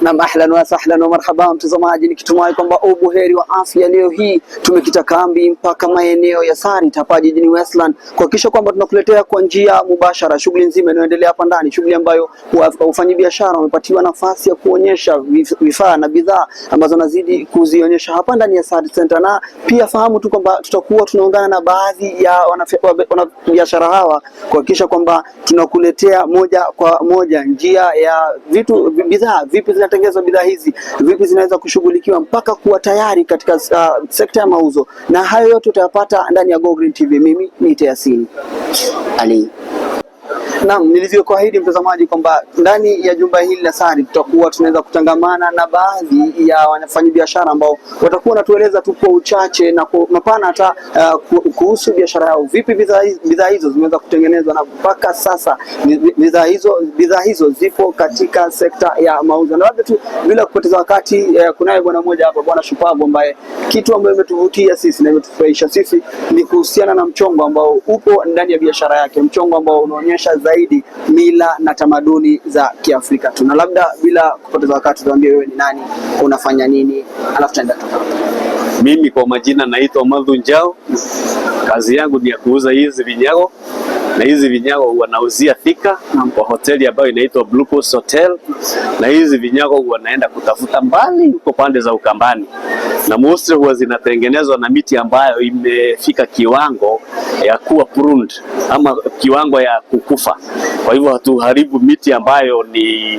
Naam, ahlan wa sahlan wa marhaba, mtazamaji, nikitumai kwamba ubuheri wa afya. Leo hii tumekita kambi mpaka maeneo ya Sarit hapa jijini Westland kuhakikisha kwamba tunakuletea kwa njia mubashara shughuli nzima inayoendelea hapa ndani, shughuli ambayo wafanyabiashara wamepatiwa nafasi ya kuonyesha vifaa na bidhaa ambazo wanazidi kuzionyesha hapa ndani ya Sarit Center, na pia fahamu tu kwamba tutakuwa tunaungana na baadhi ya wanabiashara hawa kuhakikisha kwamba tunakuletea moja kwa moja njia ya vitu bidhaa vipi zinatengenezwa bidhaa hizi, vipi zinaweza kushughulikiwa mpaka kuwa tayari katika uh, sekta ya mauzo, na hayo yote utayapata ndani ya Go Green TV. Mimi ni Yasini Ali. Naam, nilivyokuahidi mtazamaji kwamba ndani ya jumba hili la sari tutakuwa tunaweza kutangamana na baadhi ya wafanyabiashara ambao watakuwa wanatueleza tu kwa uchache na mapana hata uh, kuhusu biashara yao, vipi bidhaa hizo zimeweza kutengenezwa na mpaka sasa bidhaa hizo bidhaa hizo zipo katika sekta ya mauzo. Na labda tu bila kupoteza wakati uh, kunaye bwana mmoja hapa, bwana shupavu, ambaye kitu ambayo imetuvutia sisi na imetufurahisha sisi ni kuhusiana na mchongo ambao upo ndani ya biashara yake, mchongo ambao unaonyesha zaidi mila na tamaduni za Kiafrika tu. Na labda bila kupoteza wakati, tuambie wewe ni nani, unafanya nini, alafu taenda tuka. Mimi kwa majina naitwa Madhu Njao, kazi yangu ni ya kuuza hizi vinyago na hizi vinyago wanauzia Thika kwa hoteli ambayo inaitwa Blue Coast Hotel, na hizi vinyago wanaenda kutafuta mbali huko pande za Ukambani, na mostly huwa zinatengenezwa na miti ambayo imefika kiwango ya kuwa pruned ama kiwango ya kukufa. Kwa hivyo hatuharibu miti ambayo ni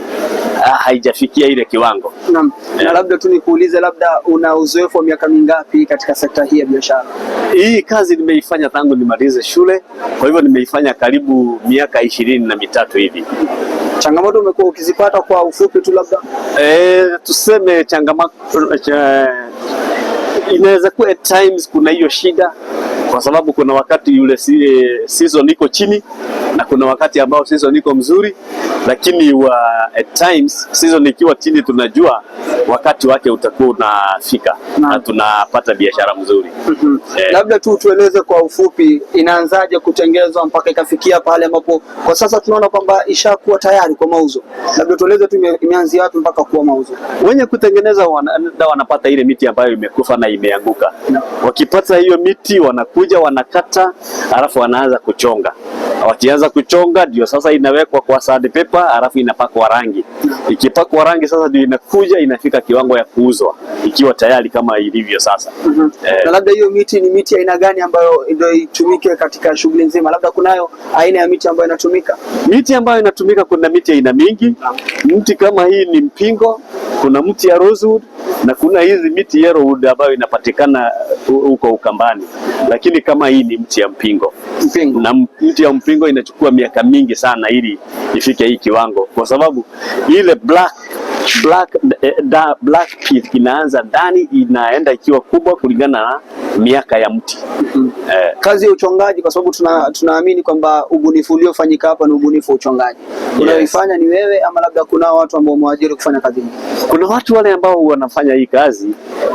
ah, haijafikia ile kiwango. na, Yeah. Na labda tu nikuulize, labda una uzoefu wa miaka mingapi katika sekta hii ya biashara? Hii kazi nimeifanya tangu nimalize shule, kwa hivyo nimeifanya nimefanya karibu miaka ishirini na mitatu hivi. Changamoto umekuwa ukizipata kwa ufupi tu labda? E, tuseme changamoto eh, inaweza kuwa at times kuna hiyo shida, kwa sababu kuna wakati yule eh, season iko chini kuna wakati ambao season iko mzuri, lakini wa, at times season ikiwa chini, tunajua wakati wake utakuwa unafika na, na tunapata biashara mzuri mhm. Eh, labda tu tueleze kwa ufupi inaanzaje kutengezwa mpaka ikafikia pale ambapo kwa sasa tunaona kwamba ishakuwa tayari kwa mauzo. Labda tueleze tu imeanzia wapi mpaka kuwa mauzo. Wenye kutengeneza wana, wanapata ile miti ambayo imekufa na imeanguka Wakipata hiyo miti wanakuja wanakata, alafu wanaanza kuchonga Wakianza kuchonga ndio sasa inawekwa kwa sandpaper, alafu inapakwa rangi. Ikipakwa rangi sasa ndio inakuja inafika kiwango ya kuuzwa ikiwa tayari kama ilivyo sasa. mm -hmm. Eh, na labda hiyo miti ni miti aina gani ambayo ndio itumike katika shughuli nzima? Labda kunayo aina ya miti ambayo inatumika, miti ambayo inatumika, kuna miti aina mingi. Mti kama hii ni mpingo, kuna mti ya rosewood na kuna hizi miti yerowood ambayo inapatikana huko Ukambani, lakini kama hii ni mti ya mpingo. Mpingo na mti ya mpingo inachukua miaka mingi sana ili ifike hii kiwango, kwa sababu ile black, black, eh, da, black kinaanza ndani, inaenda ikiwa kubwa kulingana na miaka ya mti. Mm -hmm. Eh, kazi ya uchongaji kwa sababu tuna, tunaamini kwamba ubunifu uliofanyika hapa ni ubunifu wa uchongaji. Yes. Unaoifanya ni wewe ama labda kuna watu ambao umewaajiri kufanya kazi hii? Kuna watu wale ambao wanafanya hii kazi,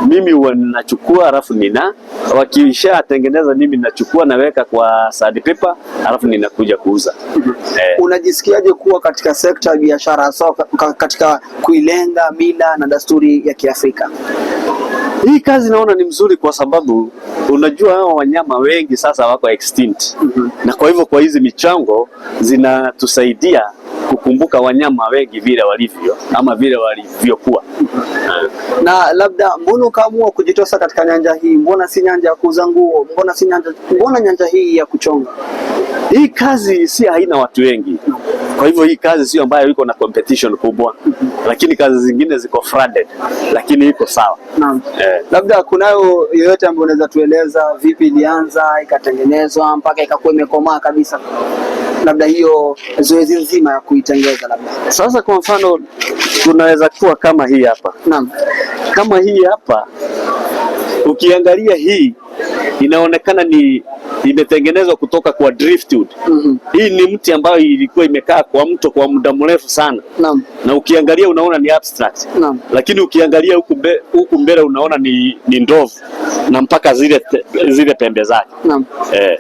mimi ninachukua alafu nina wakishatengeneza mimi nachukua naweka kwa sandpaper alafu ninakuja kuuza. Mm -hmm. Eh. Unajisikiaje kuwa katika sekta ya biashara hasa katika kuilenga mila na desturi ya Kiafrika. Hii kazi naona ni mzuri kwa sababu unajua hawa wanyama wengi sasa wako extinct. Mm -hmm. Na kwa hivyo kwa hizi michango zinatusaidia kukumbuka wanyama wengi vile walivyo ama vile walivyokuwa. Mm -hmm. Na labda mbona ukaamua kujitosa katika nyanja hii? Mbona si nyanja ya kuuza nguo? Mbona si nyanja, mbona nyanja hii ya kuchonga? Hii kazi si haina watu wengi, kwa hivyo hii kazi sio ambayo iko na competition kubwa, lakini kazi zingine ziko flooded, lakini iko sawa eh. Labda kunayo yoyote ambayo unaweza tueleza vipi ilianza ikatengenezwa mpaka ikakuwa imekomaa kabisa, labda hiyo zoezi nzima ya kuitengeza labda. Sasa kwa mfano tunaweza kuwa kama hii hapa, naam, kama hii hapa ukiangalia hii inaonekana ni imetengenezwa kutoka kwa driftwood. Mm -hmm. Hii ni mti ambayo ilikuwa imekaa kwa mto kwa muda mrefu sana. Naam. Na ukiangalia unaona ni abstract. Naam. Lakini ukiangalia huku huku mbele unaona ni, ni ndovu na mpaka zile, zile pembe zake. Naam. Eh.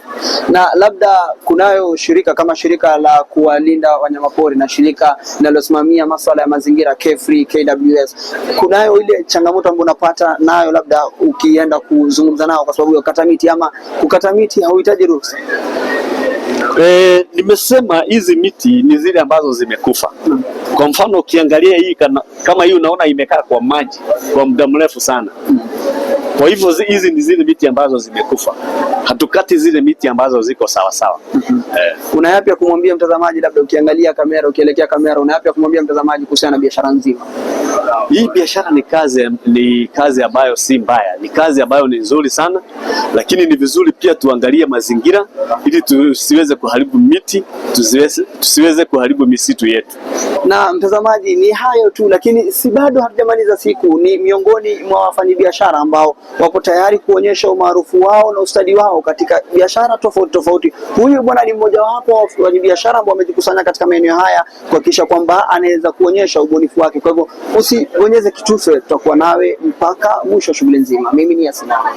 Na labda kunayo shirika kama shirika la kuwalinda wanyamapori na shirika linalosimamia masuala ya mazingira Carefree KWS. Kunayo ile changamoto ambayo unapata nayo labda ukienda kuzungumza nao kwa sababu ya miti ama kukata miti hauhitaji ruhusa? E, nimesema hizi miti ni zile ambazo zimekufa. Kwa mfano ukiangalia hii kama hii unaona imekaa kwa maji kwa muda mrefu sana. Kwa hivyo hizi ni zile miti ambazo zimekufa, hatukati zile miti ambazo ziko sawasawa. sawa. Mhm. Eh, una yapi ya kumwambia mtazamaji, labda ukiangalia kamera, ukielekea kamera, una yapi ya kumwambia mtazamaji kuhusiana na biashara nzima hii? Biashara ni kazi, ni kazi ambayo si mbaya, ni kazi ambayo ni nzuri sana, lakini ni vizuri pia tuangalie mazingira ili tusiweze kuharibu miti, tusiweze, tusiweze kuharibu misitu yetu. Na mtazamaji, ni hayo tu, lakini si bado hatujamaliza siku, ni miongoni mwa wafanyabiashara ambao wako tayari kuonyesha umaarufu wao na ustadi wao katika biashara tofauti tofauti. Huyu bwana ni mmojawapo wa biashara ambao wamejikusanya katika maeneo haya kuhakikisha kwamba anaweza kuonyesha ubunifu wake. Kwa hivyo usibonyeze kitufe, tutakuwa nawe mpaka mwisho wa shughuli nzima. Mimi ni Asina.